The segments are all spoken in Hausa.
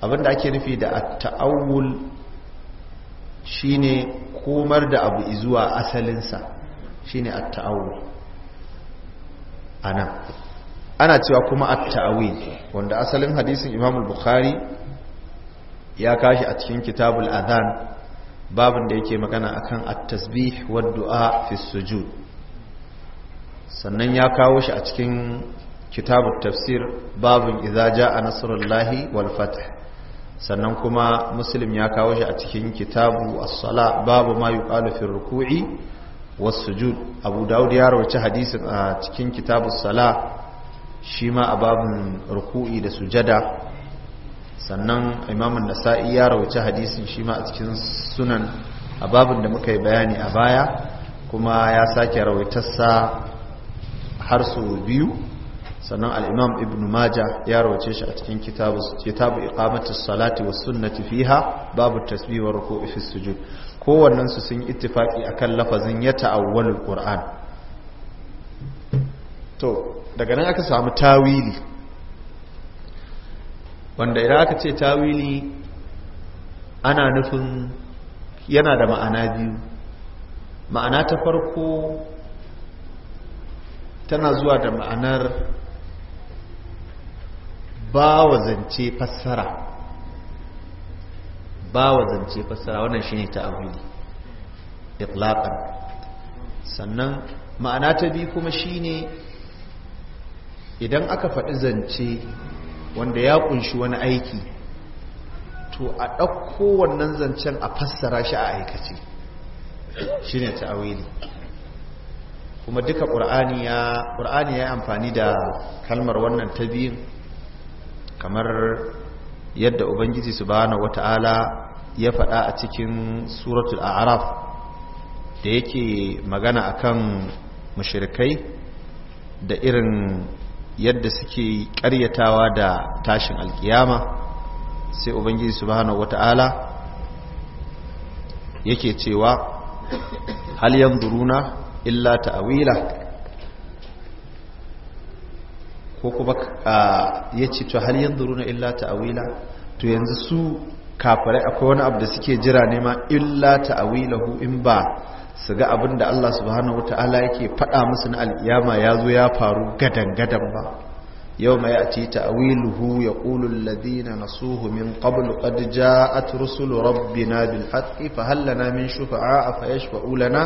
abinda ake nufi da at-ta'awul shine komar da abu zuwa asalinsa shine at-ta'awul ana ana cewa kuma at wanda asalin hadisin Imam bukhari ya kashi a cikin kitabul adhan babin da yake magana akan at-tasbih wa du'a fi sujud sannan ya kawo shi a cikin kitabut tafsir babin Izaja a nasrullahi wal fath sannan kuma muslim ya kawo shi a cikin kitabu as-sala babu ma yuqalu fi ruku'i was-sujud abu daud ya rawaci hadisin a cikin kitabu as-sala shi ma a babun ruku'i da sujada sannan imam an-nasa'i ya rawaci hadisin shi ma a cikin sunan a babun da muka yi bayani a baya kuma ya sake rawaitarsa har su biyu sannan alimam ibn maja ya rawace shi a cikin kitabu kitabu salati was sunnati fiha babu tasbih wa ruku'i fi sujud kowannen su sun ittifaqi akan lafazin ya ta'awwalul qur'an to daga nan aka samu tawili wanda idan aka ce tawili ana nufin yana da ma'ana biyu ma'ana ta farko tana zuwa da ma'anar ba wa zance fassara ba wa zance fassara wannan shine ta'awili itlaqan sannan ma'ana ta bi kuma shine idan aka faɗi zance wanda ya ƙunshi wani aiki to a ɗauko wannan zancen a fassara shi a aikace shine ta'awili kuma duka ƙur'ani ya yi amfani da kalmar wannan ta biyun kamar yadda ubangiji subhanahu wata'ala ya faɗa a cikin suratul a'raf da yake magana akan mushrikai da irin yadda suke ƙaryatawa da tashin alkiyama sai ubangiji subhanahu wata'ala yake cewa hal yanzuruna illa ta'wila ko kuma ya ce to hal yanzu runa illa ta'awila to yanzu su kafirai akwai wani abu da suke jira nema illa ta'awilahu in ba su ga abin da Allah subhanahu ta'ala yake faɗa musu na al'iyama ya zo ya faru gadan-gadan ba yau mai a ce ta'awiluhu ya ƙulun ladina na suhu min ƙablu ƙad ja'at rusulu rabbina bil haqqi fa hallana min shufa'a fa yashfa'u lana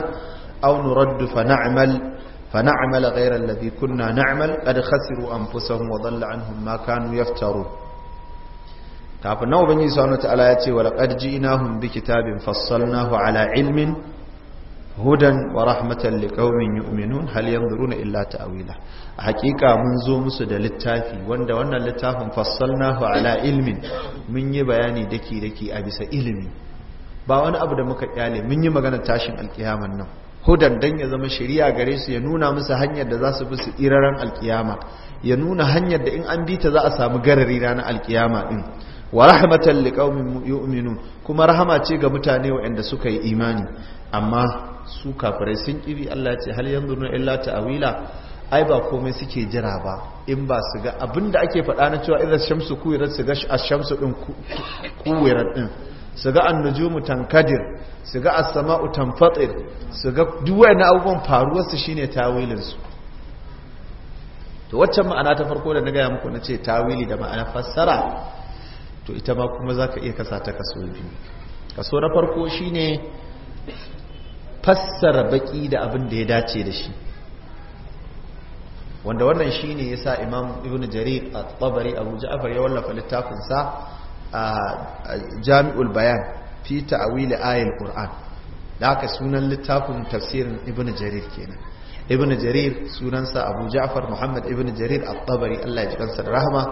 aw nuraddu fa na'mal فنعمل غير الذي كنا نعمل قد خسروا أنفسهم وضل عنهم ما كانوا يفترون kafin na ubangi sanu ta'ala ya ce wa laqad ji'nahum bi kitabin fassalnahu ala ilmin hudan wa rahmatan liqaumin yu'minun hal yanzuruna illa ta'wila a hakika mun zo musu da littafi wanda wannan littafin fassalnahu ala ilmin mun yi bayani daki daki a bisa ilimi ba wani abu da muka kyale mun yi magana tashin alkiyaman nan hudan dan ya zama shari'a gare su ya nuna musu hanyar da za su bi su tsiraran alkiyama ya nuna hanyar da in an bi ta za a samu garari ranar alkiyama din wa rahmatan liqaumin yu'minun kuma rahama ce ga mutane waɗanda suka yi imani amma su kafirai sun kiri Allah ya ce hal yanzuru illa ta'wila ai ba komai suke jira ba in ba su ga abinda ake faɗa na cewa idza shamsu kuwirat su ga shamsu din kuwirat din Suga ga annujumu tankadir su ga as-sama'u su ga duk abubuwan faruwarsu su shine tawilin to waccan ma'ana ta farko da na gaya muku na ce tawili da ma'ana fassara to ita ma kuma zaka iya kasa ta kaso biyu kaso na farko shine fassara baki da abin da ya dace da shi wanda wannan shine sa imam ibnu jarir a tabari abu ja'far ya wallafa littafin sa jami'ul bayan fi ta'awili ayil qur'an da aka sunan littafin tafsirin ibn jarir kenan ibn jarir sunansa abu ja'far muhammad ibn jarir at-tabari Allah ya ji kansa da rahama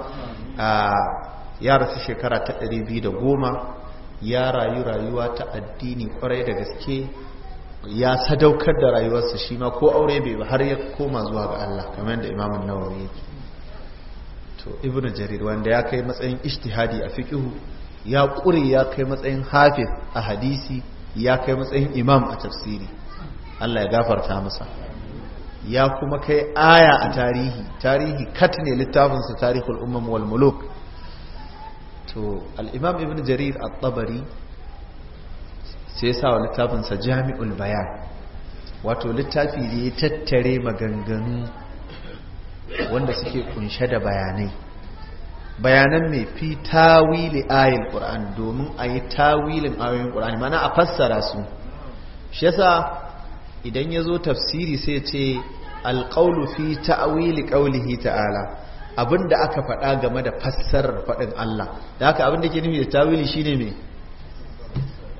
ya rasu shekara ta 210 ya rayu rayuwa ta addini kwarai da gaske ya sadaukar da rayuwarsa shi ma ko aure bai ba har ya koma zuwa ga Allah kamar da imamun nawawi yake to ibn jarir wanda ya kai matsayin ijtihadi a fiqh ya kure ya kai matsayin hafiz a hadisi ya kai matsayin imam a tafsiri Allah ya gafarta masa ya kuma kai aya a tarihi tarihi kat ne littafinsa tarihul umam wal muluk to al-imam ibn jarir at-tabari sai sa wa littafinsa jami'ul bayan wato littafi da ya tattare maganganu wanda suke kunshe da bayanai bayanan mai fi tawili ayin ƙur'an domin a yi tawilin ayoyin ƙur'an mana a fassara su shi yasa idan ya zo tafsiri sai ce alƙaulu fi ta'awili ƙaulihi ta'ala abinda aka faɗa game da fassarar faɗin Allah da haka abin da ke nufi da tawili shine me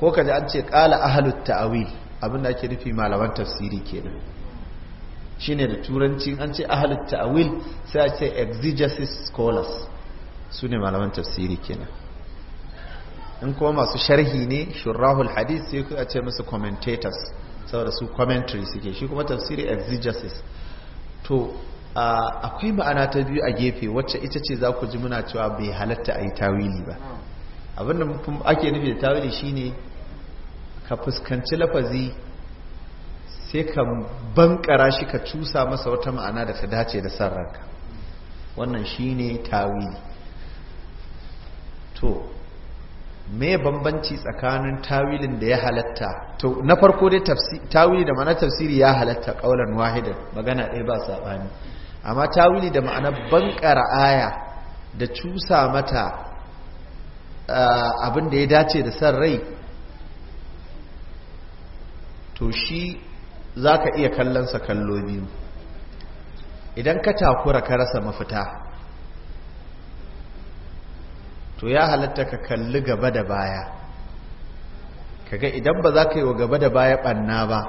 ko kaji an ce ƙala ahalut abin da ake nufi malaman tafsiri kenan shine da turanci an ce ahalit ta'awil sai a ce exegesis scholars su ne malaman tafsiri kenan in kuma masu sharhi ne shurrahul hadith sai a ce musu commentators saboda su commentary suke shi kuma tafsiri exegesis to akwai ma'ana ta biyu a gefe wacce ita ce za ku ji muna cewa bai halatta a yi tawili ba abinda ake nufi da tawili shine ka fuskanci lafazi sai ka bankara shi ka cusa masa wata ma'ana da ta dace da san wannan shi ne tawili to me bambanci tsakanin tawilin da ya halatta to na farko dai tawili da ma'ana tafsiri ya halatta kaulan wahidan magana ɗaya ba saɓani amma tawili da ma'ana bankara aya da cusa mata ah, abin da ya dace da san rai to shi za ka iya kallonsa kallo biyu idan ka takura ka rasa mafita to ya halatta ka kalli gaba da baya kaga idan ba za ka yi wa gaba da baya ɓanna ba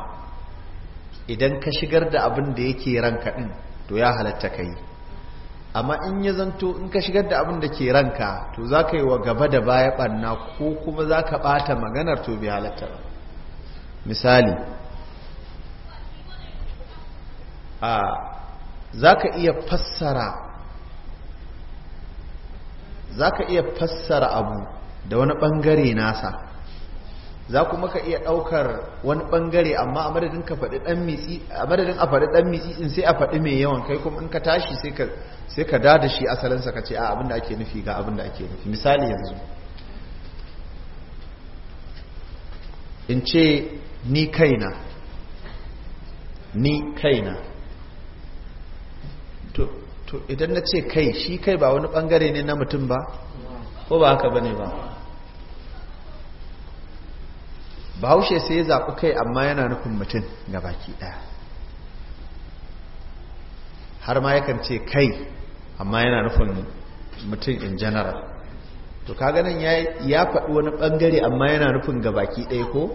idan ka shigar da abin da yake ranka din, to ya halatta ka yi amma in ya zanto in ka shigar da abin da ke ranka to za ka yi wa gaba da baya ɓanna ko kuma za ka ɓata maganar to bi halatta misali zaka iya fassara zaka iya fassara abu da wani bangare nasa za kuma ka iya daukar wani bangare amma a madadin ka faɗi dan mitsi a madadin a faɗi dan mitsi in sai a faɗi mai yawan kai kuma in ka tashi sai ka sai ka dada shi asalin sa ka ce a abinda ake nufi ga abinda ake nufi misali yanzu in ce ni kaina ni kaina to idan na ce kai shi kai ba wani bangare ne na mutum ba ko ba haka bane ba bahaushe sai ya zaɓi kai amma yana nufin mutum ga baki ɗaya har ma yakan ce kai amma yana nufin mutum in general to ka ganin ya faɗi wani ɓangare amma yana nufin ga baki ɗaya ko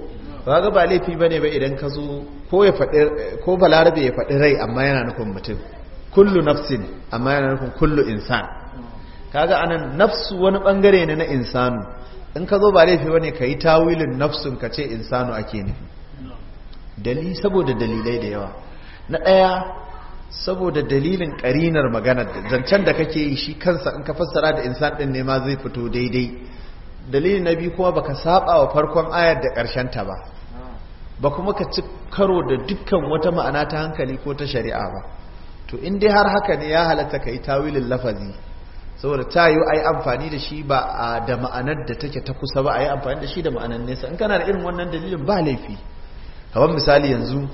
ba ba laifi ba ne ba idan ka zo ko balarabe ya faɗi rai amma yana nufin mutum kullu nafsin amma yana nufin kullu insan kaga anan nafsu wani bangare ne na insanu in ka zo ba laifi bane ka yi tawilin nafsun ka ce insanu ake nufi dali saboda dalilai da yawa na ɗaya saboda dalilin ƙarinar magana zancen da kake yi shi kansa in ka fassara da insan ɗin ne ma zai fito daidai dalili na biyu kuma baka saba wa farkon ayar da ƙarshen ta ba ba kuma ka ci karo da dukkan wata ma'ana ta hankali ko ta shari'a ba to in dai har haka ne ya halatta ka yi tawilin lafazi saboda ta yi a yi amfani da shi ba a da ma'anar da take ta kusa ba a yi amfani da shi da ma'anar nesa in kana da irin wannan dalilin ba laifi kamar misali yanzu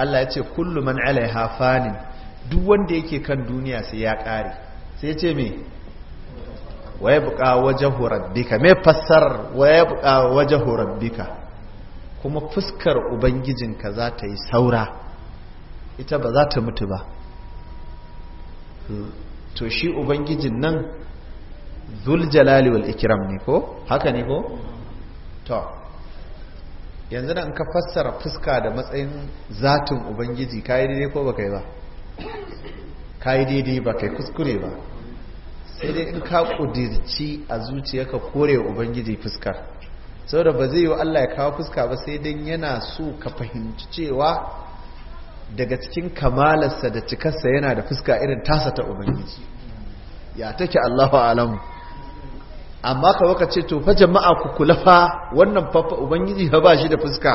Allah ya ce kullum man alaiha fanin duk wanda yake kan duniya sai ya kare sai ya ce me wa buƙa wajhu rabbika me fassar wa buƙa wajhu rabbika kuma fuskar ubangijinka za ta yi saura ita ba za ta mutu ba to shi ubangijin nan zul jalali wal ikram ne ko haka ne ko to yanzu nan ka fassara fuska da matsayin zatin ubangiji kai daidai ko baka yi ba kai daidai ba yi kuskure ba sai dai in ka kudirci a ka kore ubangiji fuskar saboda ba zai yi wa Allah ya kawo fuska ba sai dai yana so ka fahimci cewa daga cikin kamalarsa da cikarsa yana da fuska irin tasa ta ubangiji ya take Allahu alamu amma ka waka ce to fa jama'a ku kula fa wannan fafa ubangiji fa ba shi da fuska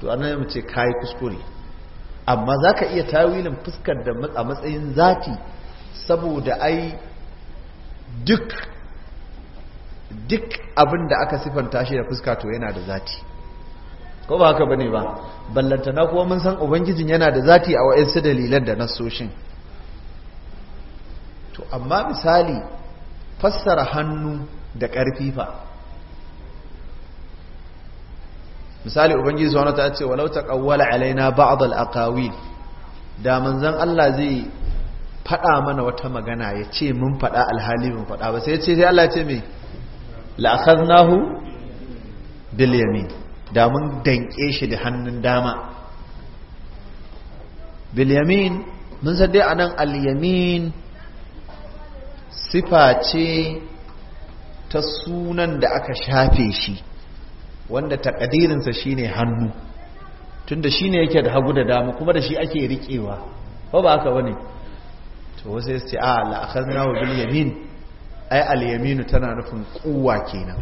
to annabi mu ce kai kuskure amma zaka iya tawilin fuskar da a matsayin zati saboda ai duk duk abin da aka sifanta shi da fuska to yana da zati ko ba haka bane ba ballantana kuma mun san ubangijin yana da zati a wayansu dalilan da nasoshin to amma misali fassara hannu da ƙarfi fa misali ubangiji zuwa ta ce walau ta ƙawwala alaina ba'd al-aqawil da manzan Allah zai faɗa mana wata magana ya ce mun faɗa alhali mun faɗa ba sai ya ce sai Allah ce me la'akhadnahu bil yamin da mun danke shi da hannun dama bilyamin mun san dai anan alyamin sifa ce ta sunan da aka shafe shi wanda takadirinsa shine hannu tunda ne yake da hagu da dama kuma da shi ake riƙewa. ba ba haka bane to wasu ya ce a la'akar nawa bil yamin ai al tana nufin kuwa kenan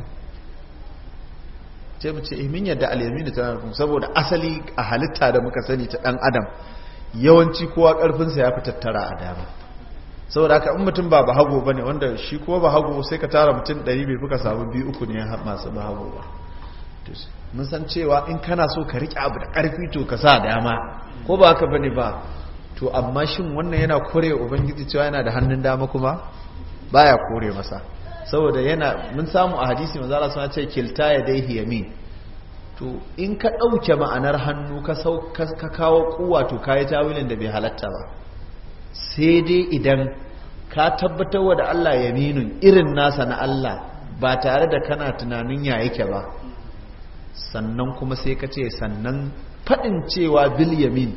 sai mu ce imin eh, yadda al-yaminu tana nufin saboda asali a halitta da muka sani ta dan adam yawanci kowa ƙarfinsa ya fi tattara a dama saboda haka in mutum ba bahago bane wanda shi kowa bahago sai ka tara mutum 100 bai fuka samu biyu uku ne masu bahago ba mun san cewa in kana so ka riƙe abu da ƙarfi to ka sa dama ko ba haka bane ba to amma shin wannan yana kore ubangiji cewa yana da hannun dama kuma baya kore masa saboda yana mun samu a hadisi manzo Allah suna ce kilta ya dai yamin to in ka ɗauke ma'anar hannu ka ka kawo kuwa to yi tawilin da bai halatta ba sai dai idan ka tabbatar wa da Allah yaminu irin nasa na Allah ba tare da kana tunanin ya yake ba sannan kuma sai ka ce sannan faɗin cewa bil yamin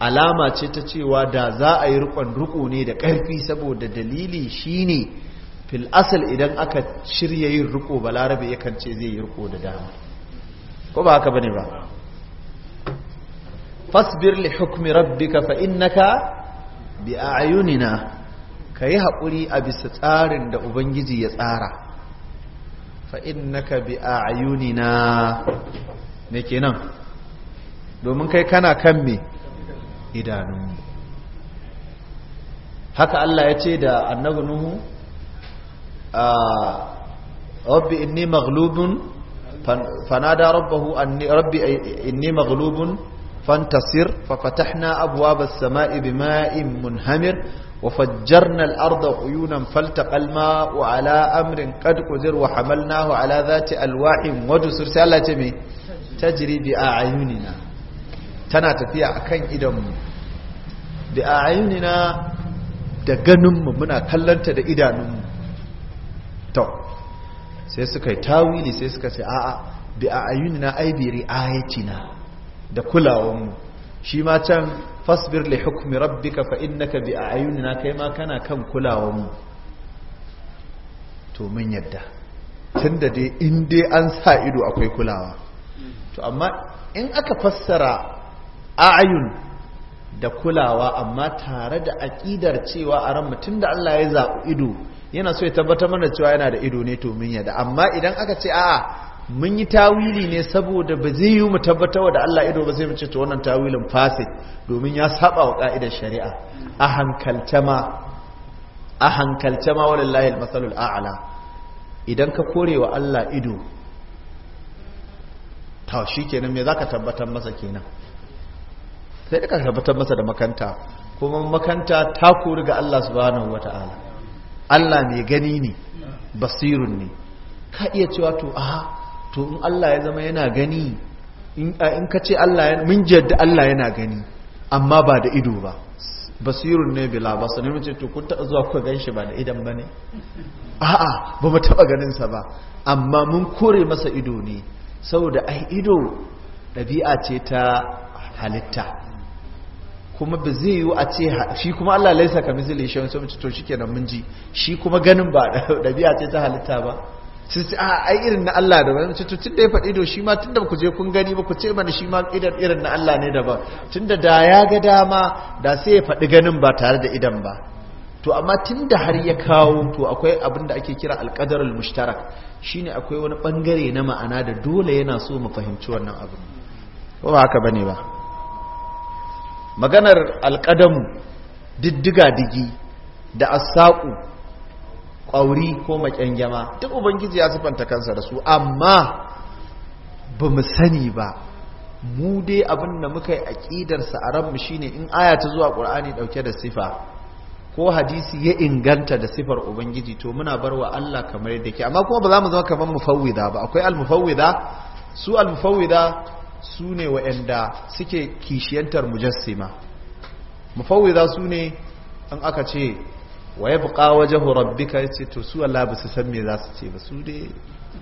alama ce ta cewa da za a yi rikon ruku ne da ƙarfi saboda dalili shine fil asal idan aka shirya yin riko balarabe yakan ce zai yi riko da dama ko ba haka bane ba fasbir li hukmi rabbika fa innaka bi a'yunina kai hakuri a bisa tsarin da ubangiji ya tsara fa innaka bi a'yunina me kenan domin kai kana kan me idanun haka Allah ya ce da annabi nuhu rabbi inni maghlubun fanada rabbahu anni rabbi inni maghlubun fantasir fafatahna abwaba as-sama'i bima'in munhamir وفجرنا الأرض عيونا فالتقى الماء على أمر قد قدر وحملناه على ذات ألواح ودسر سالة مي تجري بأعيننا تنا إدم بأعيننا da ganinmu muna kallonta da idanunmu to sai suka yi tawili sai suka ce a'a bi a ayyunina aibiri bi ri'ayatina da kulawanmu shi ma can fasbir li hukmi rabbika fa innaka bi a ayyunina kai ma kana kan kulawanmu to mun yadda tunda dai in dai an sa ido akwai kulawa to amma in aka fassara ayyun da kulawa amma tare da aƙidar cewa a ran mutum da Allah ya zaɓi ido yana so ya tabbatar mana cewa yana da ido ne to mun yadda amma idan aka ce a'a mun yi tawili ne saboda ba zai yi mu tabbatar da Allah ido ba zai mu ce to wannan tawilin fasid domin ya saba wa ka'idar shari'a a hankalce ma a hankalce ma walillahi al-masalul a'la idan ka kore wa Allah ido to kenan me zaka tabbatar masa kenan sai ka tabbatar masa da makanta kuma makanta ta kori ga Allah subhanahu wata'ala Allah mai gani ne basirun ne ka iya cewa to a to in Allah ya zama yana gani in ka ce Allah mun jadda Allah yana gani amma ba da ido ba basirun ne bila ba sanin mace to kun taɓa zuwa kuka gan shi ba da idan ba ne a'a ba mu taɓa ganinsa ba amma mun kore masa ido ne saboda ai ido ɗabi'a ce ta halitta kuma ba zai yiwu a ce shi kuma Allah laisa ka misali shi wani sabunci to shikenan mun ji shi kuma ganin ba ɗabi'a ce ta halitta ba su ce a ai irin na Allah da wani to tun da ya faɗi to shi ma tun da ku je kun gani ba ku ce mana shi ma idan irin na Allah ne daban tun da da ya ga dama da sai ya faɗi ganin ba tare da idan ba to amma tun da har ya kawo to akwai abin da ake kira alƙadarul mushtarak shine akwai wani bangare na ma'ana da dole yana so mu fahimci wannan abin ba haka bane ba maganar alƙadamu diddiga digi da asaƙu ƙwauri ko maƙyangyama duk ubangiji ya sifanta kansa da su amma ba mu sani ba mu dai abin da muka yi aƙidarsa a mu shine in aya ta zuwa ƙur'ani ɗauke da sifa ko hadisi ya inganta da sifar ubangiji to muna bar wa Allah kamar yadda ke amma kuma ba za mu zama kamar mufawwida ba akwai almufawwida? su almufawwida? su ne wa'anda suke kishiyantar mujassima mufawwiza su ne an aka ce wa ya buƙa wajen rabbika ya ce to su Allah ba su san me za su ce ba su dai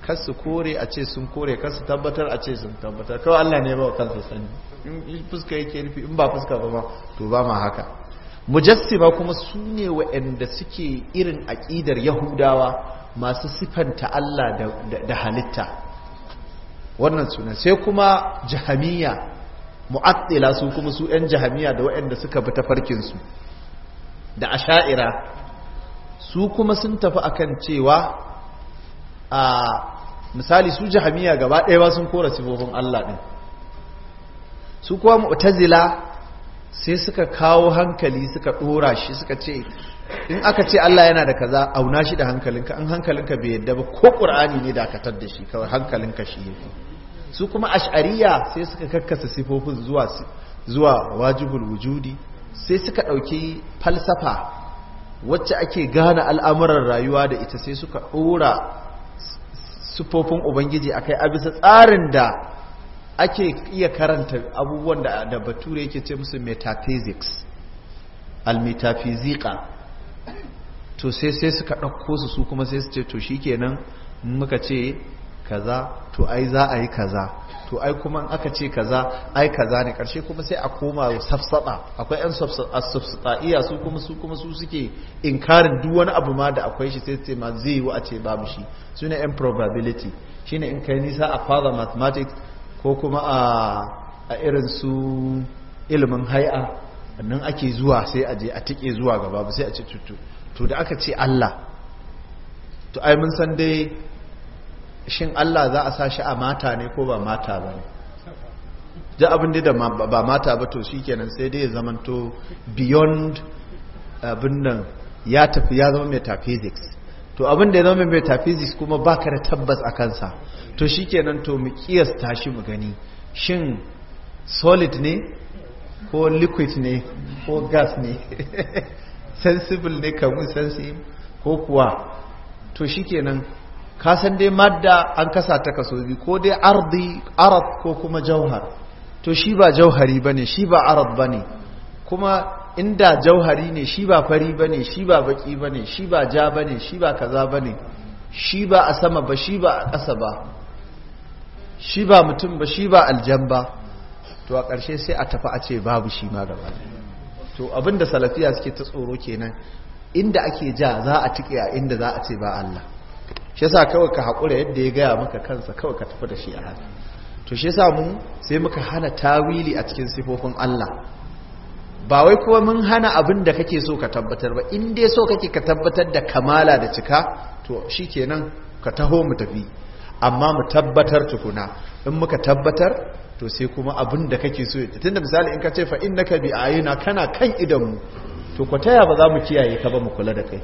kasu kore a ce sun kore kasu tabbatar a ce sun tabbatar kawai Allah ne ba kansa sani in fuska yake nufi? in ba fuska ba to ba ma haka mujassima kuma su ne waɗanda suke irin aƙidar yahudawa masu siffanta Allah da halitta wannan sunan sai kuma jahamiya mu'attila su kuma su 'yan jahamiya da waɗanda suka bi tafarkinsu da asha'ira su kuma sun tafi akan cewa a misali su jahamiya gaba ɗaya ba sun kora sifofin Allah ɗin su kuma mu'tazila sai suka kawo hankali suka dora shi suka ce in aka ce Allah yana da kaza auna shi da hankalinka an hankalinka bai yadda ba ko qur'ani ne dakatar da shi kawai hankalinka shi yafi su kuma ash'ariya sai suka kakkasa sifofin zuwa zuwa wajibul wujudi sai suka ɗauki falsafa wacce ake gane al'amuran rayuwa da ita sai suka ɗora sifofin ubangiji akai a bisa tsarin da ake iya karanta abubuwan da da bature yake ce musu metaphysics almetaphysica to sai sai suka ɗauko su su kuma sai su ce to shikenan muka ce kaza to ai za a yi kaza to ai kuma in aka ce kaza ai kaza ne karshe kuma sai a koma safsada akwai yan iya su kuma su kuma su suke inkarin duk wani abu ma da akwai shi sai ce ma zai yi a ce babu shi sune yan probability shine in kai nisa a fara mathematics ko kuma a irin su ilimin hai'a nan ake zuwa sai a je a tike zuwa gaba ba sai a ce tutu to da aka ce Allah to ai mun san dai shin Allah za a sa shi a mata ne ko ba mata ba ne ja abin da ba mata ba to shi kenan sai dai ya zamanto beyond abin nan ya tafi ya zama metaphysics to abin da ya zama metaphysics kuma baka da tabbas a kansa to shikenan to mu kiyasta shi mu gani shin solid ne ko liquid ne ko gas ne sensible ne kamun sensitive ko kuwa to shikenan ka san dai madda an kasa ta kaso biyu ko dai ardi arab ko kuma jauhar to shi ba jauhari bane shi ba arab bane kuma inda jauhari ne shi ba fari ba ne shi ba baki ba ne shi ba ja ba ne shi ba kaza ba ne shi ba a sama ba shi ba a ƙasa ba shi ba mutum ba shi ba aljan ba to a ƙarshe sai a tafi a ce babu shi ma gaba to abinda salafiya suke ta tsoro kenan inda ake ja za a tike a inda za a ce ba Allah shi yasa kawai ka haƙura yadda ya gaya maka kansa kawai ka tafi da shi a haka to shi yasa mu sai muka hana tawili a cikin sifofin Allah ba wai kuma mun hana abin da kake so ka tabbatar ba in dai so kake ka tabbatar da kamala da cika to shikenan ka taho mu tafi amma mu tabbatar tukuna in muka tabbatar to sai kuma abin da kake so ya tunda misali in ka ce fa innaka bi ayina kana kan idan mu to ko taya ba za mu kiyaye ka ba mu kula da kai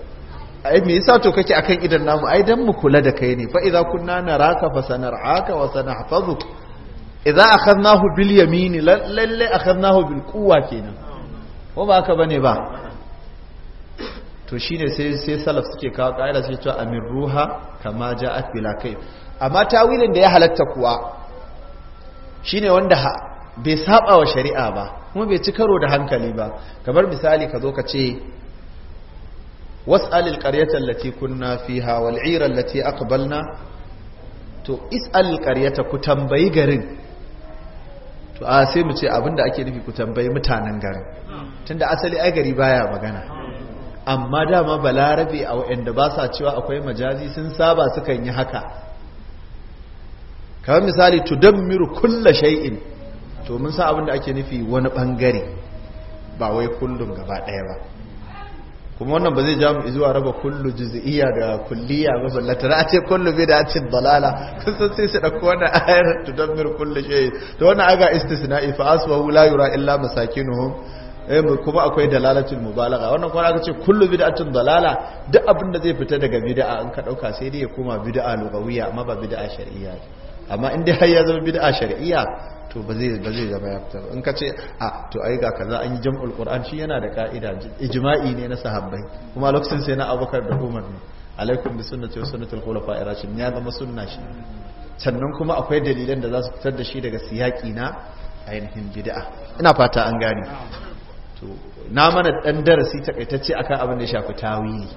ai me yasa to kake akan idan namu ai dan mu kula da kai ne fa idza kunna naraka fa sanar'aka wa sanahfazuk idza akhadnahu bil yamin lalle akhadnahu bil quwwa kenan ko ba haka bane ba to shine sai sai salaf suke kawo kaida suke cewa amir ruha kama ja'at bila kai amma tawilin da ya halatta kuwa shine wanda bai saba wa shari'a ba kuma bai ci karo da hankali ba kamar misali ka zo ka ce was'al alqaryata allati kunna fiha wal 'ira allati aqbalna to is'al alqaryata ku tambayi garin to a sai mu ce abinda ake nufi ku tambayi mutanen garin tunda asali ai gari baya magana amma dama balarabe a wanda ba sa cewa akwai majazi sun saba sukan yi haka kamar misali tudammiru kulla shay'in to mun sa abinda ake nufi wani bangare ba wai kullum gaba daya ba kuma wannan ba zai ja mu zuwa raba kullu juz'iyya da kulliya ba ballatara a ce kullu da ce dalala kun san sai su dauko wannan ayar dabbir kullu shay to wannan aga istisna'i fa aswahu la yura illa masakinuhum eh kuma akwai dalalatul mubalagha wannan kuma aka ce kullu bid'atin dalala duk abin da zai fita daga bid'a an ka dauka sai dai ya koma bid'a lugawiyya amma ba bid'a shar'iyya amma in dai har ya zama bid'a shar'iyya to ba zai ba zai zama ya in ka ce a to ai ga kaza an yi jam'ul qur'an shi yana da ka'ida ijma'i ne na sahabbai kuma lokacin sai na abubakar da umar ne alaikum bi sunnati wa sunnati al-khulafa'ir rashidin ya zama sunna shi sannan kuma akwai dalilan da za su fitar da shi daga siyaki na ainihin bid'a ina fata an gane to na mana dan darasi takaitacce akan abin da ya shafi tawili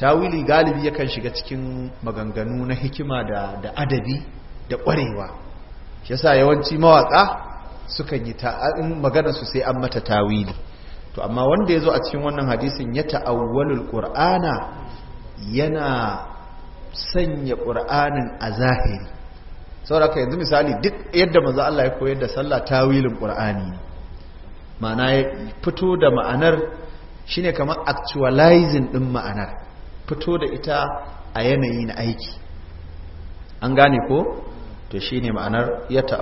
tawili galibi yakan shiga cikin maganganu na hikima da da adabi da ƙwarewa shi yasa yawanci mawaƙa sukan yi ta'in maganarsu sai an mata tawili to amma wanda ya zo a cikin wannan hadisin ya ta'awwalul ƙur'ana yana sanya ƙur'anin a zahiri sauraka yanzu misali duk yadda maza Allah ya koyar da sallah tawilin ƙur'ani ma'ana ya fito da ma'anar shi ne kamar actualizing ɗin ma'anar fito da ita a yanayi na aiki an gane ko to ne ma'anar ya